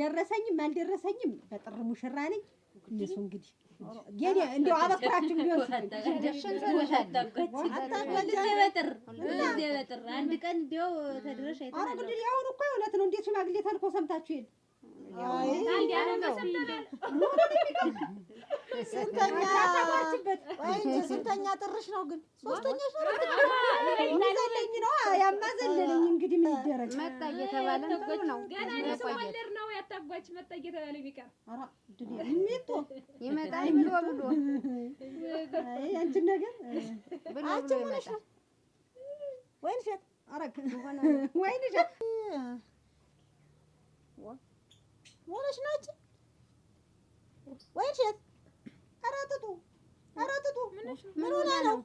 ደረሰኝም አልደረሰኝም በጥር ሙሽራ ነኝ። እነሱ እንግዲህ ጌዲ እንደው አበክራችሁ ቢሆን አንድ ቀን እንደው ተድረሽ አይተናል። አሁን እኮ የእውነት ነው። እንዴት ሽማግሌ ተልኮ ሰምታችሁ የለ ስንተኛ ጥርሽ ነው ግን? ሶስተኛሽ ነው ዘለኝ ነው እንግዲህ ምን ይደረግ መጣ እየተባለ ነው ያታጓች መጣ እየተባለ ቢቀር ይመጣል ብሎ ብሎ አንቺን ነገር አንቺ ምን ሆነሽ ወይን እሸት አረግ ወይን እሸት ሆነሽ ናች ወይሸት አራጥጡ አራጥጡ ምን ሆና ነው?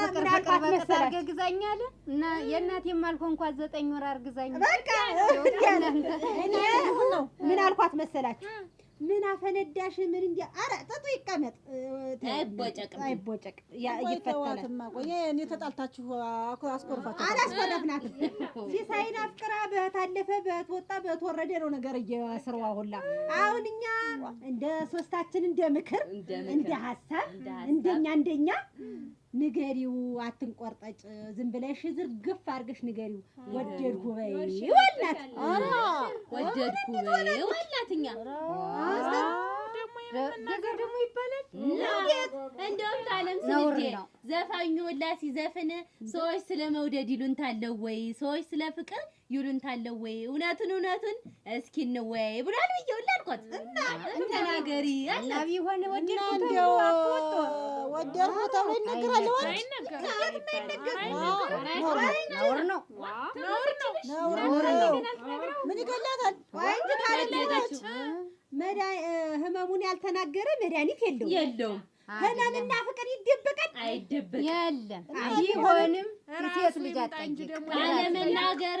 ፍቅር ፍቅር በቅጥ አርግዛኛል እና የእናቴም አልኮ እንኳን ዘጠኝ ወር አርግዛኝ በቃ ነው። ምን አልኳት መሰላችሁ? ምን አፈነዳሽ? ምን እንዲ አረ ጥጡ ይቀመጥ እኔ ተጣልታችሁ አስቆርፋችሁ አላስቆረፍናትም። ሲሳይን አፍቅራ አለፈ፣ ወጣ፣ ወረደ ነው ነገር ሁላ። አሁን እኛ እንደ ሶስታችን እንደ ምክር እንደ ሀሳብ እንደኛ እንደኛ ንገሪው አትንቆርጠጭ፣ ዝም ብለሽ ዝርግፍ አድርገሽ ንገሪው። ወደድኩ በይ ወላት፣ ወደድኩ በይ ወላት። እኛ ነገር ደግሞ ይባላል። እንደውም ታለም ስንዴ ዘፋኙ ሁላ ሲዘፍን ሰዎች ስለመውደድ መውደድ ይሉንታለው ወይ ሰዎች ስለ ይሉንታለው ወይ እውነቱን እውነቱን እስኪ እንወያይ ብሏል ብዬ ሁላ አልኳት እና ተናገሪ አላ ቢሆን ወደድኩ ወደር ተብሎ ነውር ነው፣ ነውር ነው። ምን ይገላታል? ህመሙን ያልተናገረ መድኃኒት የለውም። ህመምና ፍቅር ይደበቃል? አይደበቅም። የለም ቢሆንም ሴት ልጅ አለመናገር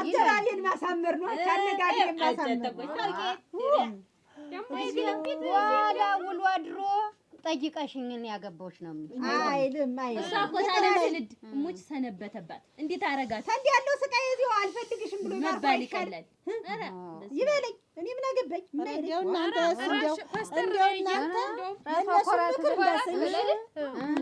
አተላሌን ማሳመር ነው። አነጋገር ማሳመር አድሮ ጠይቀሽኝን ያገባሁሽ ነው አይልም። እሷ ሰነበተባት። እንዴት አደረጋት? እንዲህ ያለው ስቃይ እዚሁ አልፈልግሽም ብሎ መባል ይቀላል። ይበለኝ፣ እኔ ምን አገባኝ? እንደው እናንተ እንደው እናንተ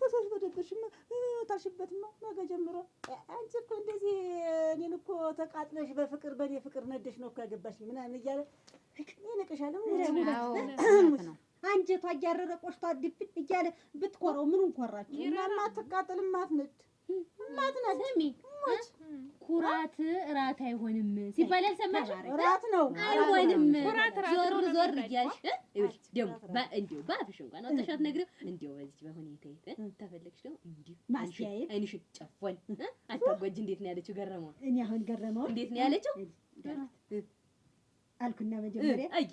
ተሰብሽ በደብሽማ ታሽበትማ ነገ ጀምሮ አንቺ እኮ እንደዚህ እኔን እኮ ተቃጥለሽ በፍቅር በእኔ ፍቅር ነደሽ ነው እኮ ያገባሽ ምናምን እያለ ይንቅሻል። አንጀቷ እያረረ ቆሽቷ ድብን እያለ ብትኮረው ምኑን ኮራችሁ? እናማ አትቃጥልም አትነድ ኩራት እራት አይሆንም ሲባል ያልሰማሽም? እራት ነው አይሆንም። ዞር ዞር እያልሽ ደግሞ እንዲሁ በአፍሽ እንኳን አውጥተሽ አትነግሪው። እንዲሁ በዚች በሁኔታ ተፈለግሽ ደግሞ እንዲሁ ማስያየት አይንሽን ጨፎን አታጓጅ። እንዴት ነው ያለችው? ገረመው እኔ አሁን ገረመው እንዴት ነው ያለችው አልኩና መጀመሪያ አይ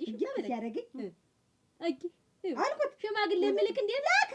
ያደረገኝ አይ አልኩት ሽማግሌ ምልክ እንዴት ላክ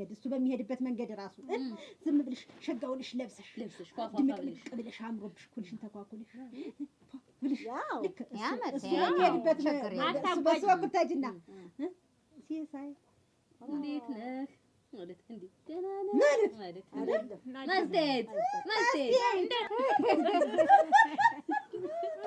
መንገድ እሱ በሚሄድበት መንገድ ራሱ ዝም ብልሽ ሸጋውልሽ ለብሰሽ ለብሰሽ ድምቅ ልቅ አምሮብሽ ኩልሽን ተኳኩልሽ ብልሽ በሚሄድበት በሱ በኩል ሲሳይ እንዴት ነህ ማለት እንዴት ደህና ነህ ማለት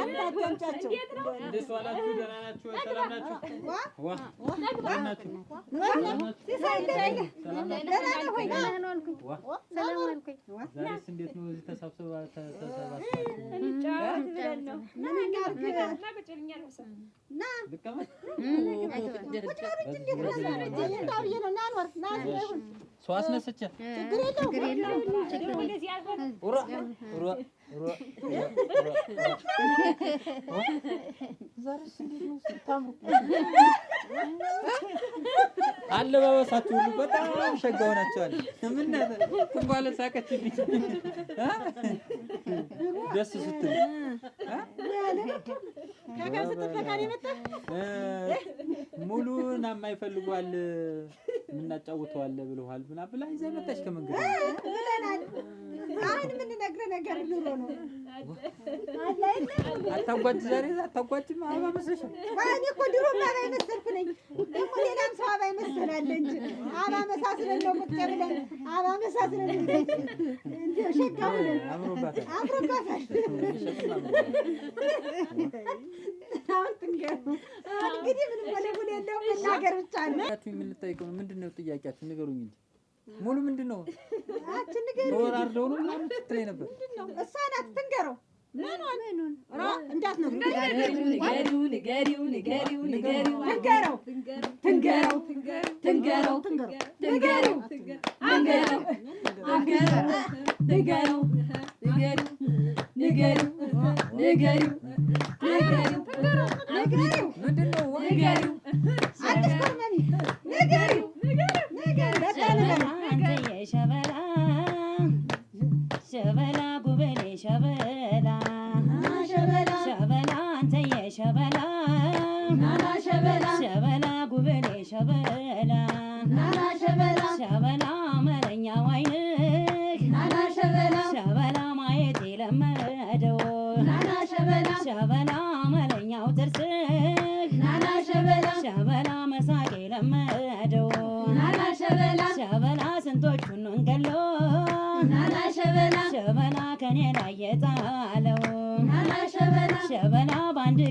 አታዳምጫቸው። እንዴት ዋላችሁ? ደህና እንዴት ነው? እዚህ ተሰብስባችሁ ሰው አስነስቼ ችግር አለባበሳችሁ ሁሉ በጣም ሸጋ ሆናችኋል። ምን ትንባለ ሳቀች ደስ ስትል ሙሉን የማይፈልጓል ምናጫውተዋለህ ብለዋል ምና ብላ ይዛ መጣች ከመንገድ ብለናል። አሁን የምንነግርህ ነገር ኑሮ ነው። አታጓጅ ዛሬ አታጓጅም። አበባ መስለሻል። እኔ እኮ ድሮም አበባ የመሰልኩ ነኝ። ደግሞ ሌላም ሰው አበባ ይመስለናል እንጂ አበባ መሳስለን ነው ቁጭ ብለን አበባ መሳስለን እንዲያው ሸጋ ብለን አምሮባታል፣ አምሮባታል። አሁን ትንገሩ እንግዲህ ምንም ወለሙን የለውም መናገር ብቻ ነው። ምንድን ነው ነው ጥያቄያችን? ንገሩኝ እንጂ ሙሉ ምንድን ነው? ወራርደው ነው ምናምን ስትለኝ ነበር። እሷ ናት ትንገረው። ነው ምንድን ነው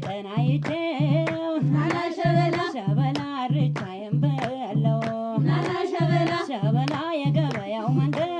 ቀን አይቼው ሸበላ ርቻ የንበለው ሸበላ የገበያው መንገድ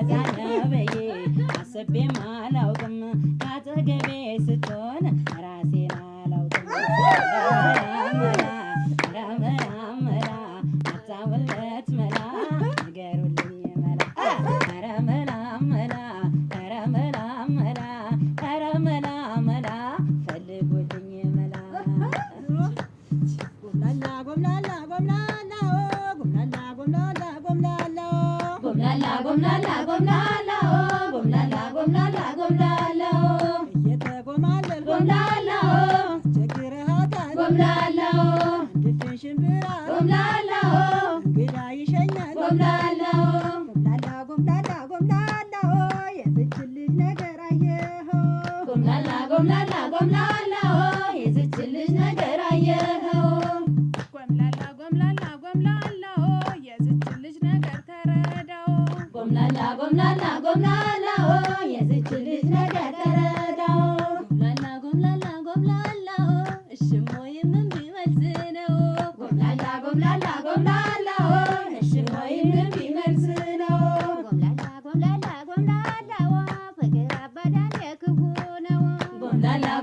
I yeah, yeah, yeah. I said,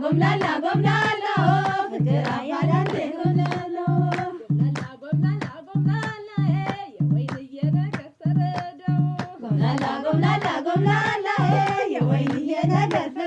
ጎምላላ ጎምላላ ጎምላላ ፍቅር አባዳንዴ ጎምላላ ጎምላላ ጎምላላ ጎምላላ የወይንዬ ጎምላላ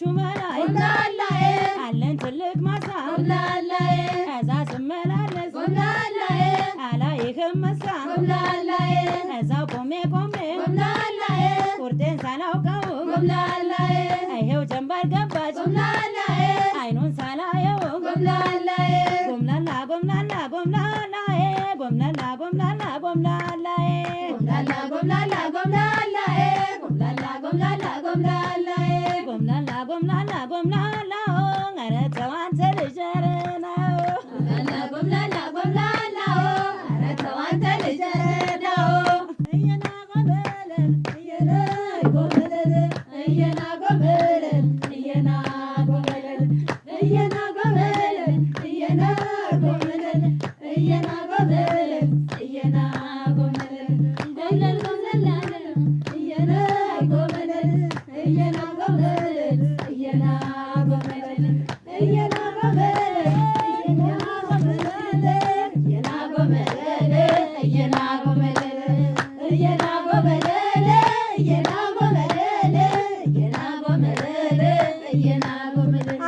የልባችሁ መላይ አለን ትልቅ ማሳ እዛ ስመላለስ አላይህም መስራ እዛው ቆሜ ቆሜ ቁርጤን ሳላውቀው ይሄው ጀንበር ገባች አይኑን ሳላየው ጎምላላ ጎምላላ ጎምላላ ጎምላላ ጎምላላ ጎምላላ ጎምላላ ጎምላላ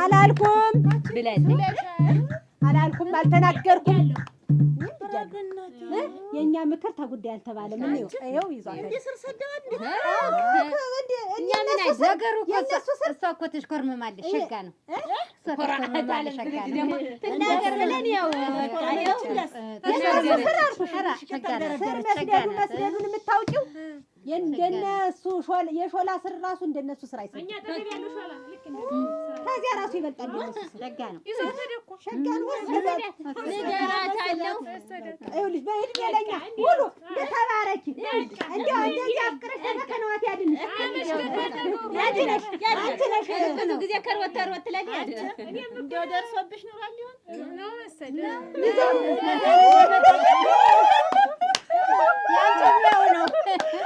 አላልኩም ብለን አላልኩም፣ አልተናገርኩም Mm-hmm. ወስጃለሁ። የእኛ ምክር ተጉዳይ አልተባለም። ይኸው ይዟል። እሷ እኮ ትሽኮርምማለች። ሸጋ ነው መስደዱን የምታውቂው እንደነሱ የሾላ ስር ራሱ እንደነሱ ስራ ይሰራል። ከዚያ ራሱ ይበልጣል። ሸጋ ነው። ይኸውልሽ በእድሜ ለኛ ሙሉ ተባረኪ። እንደው እንደዚህ አፍቅረሽ ከነዋት ያድንሽ አንቺ ነሽ። ብዙ ጊዜ ከሮት ተሮት ደርሶብሽ ኑሯል ሊሆን ነው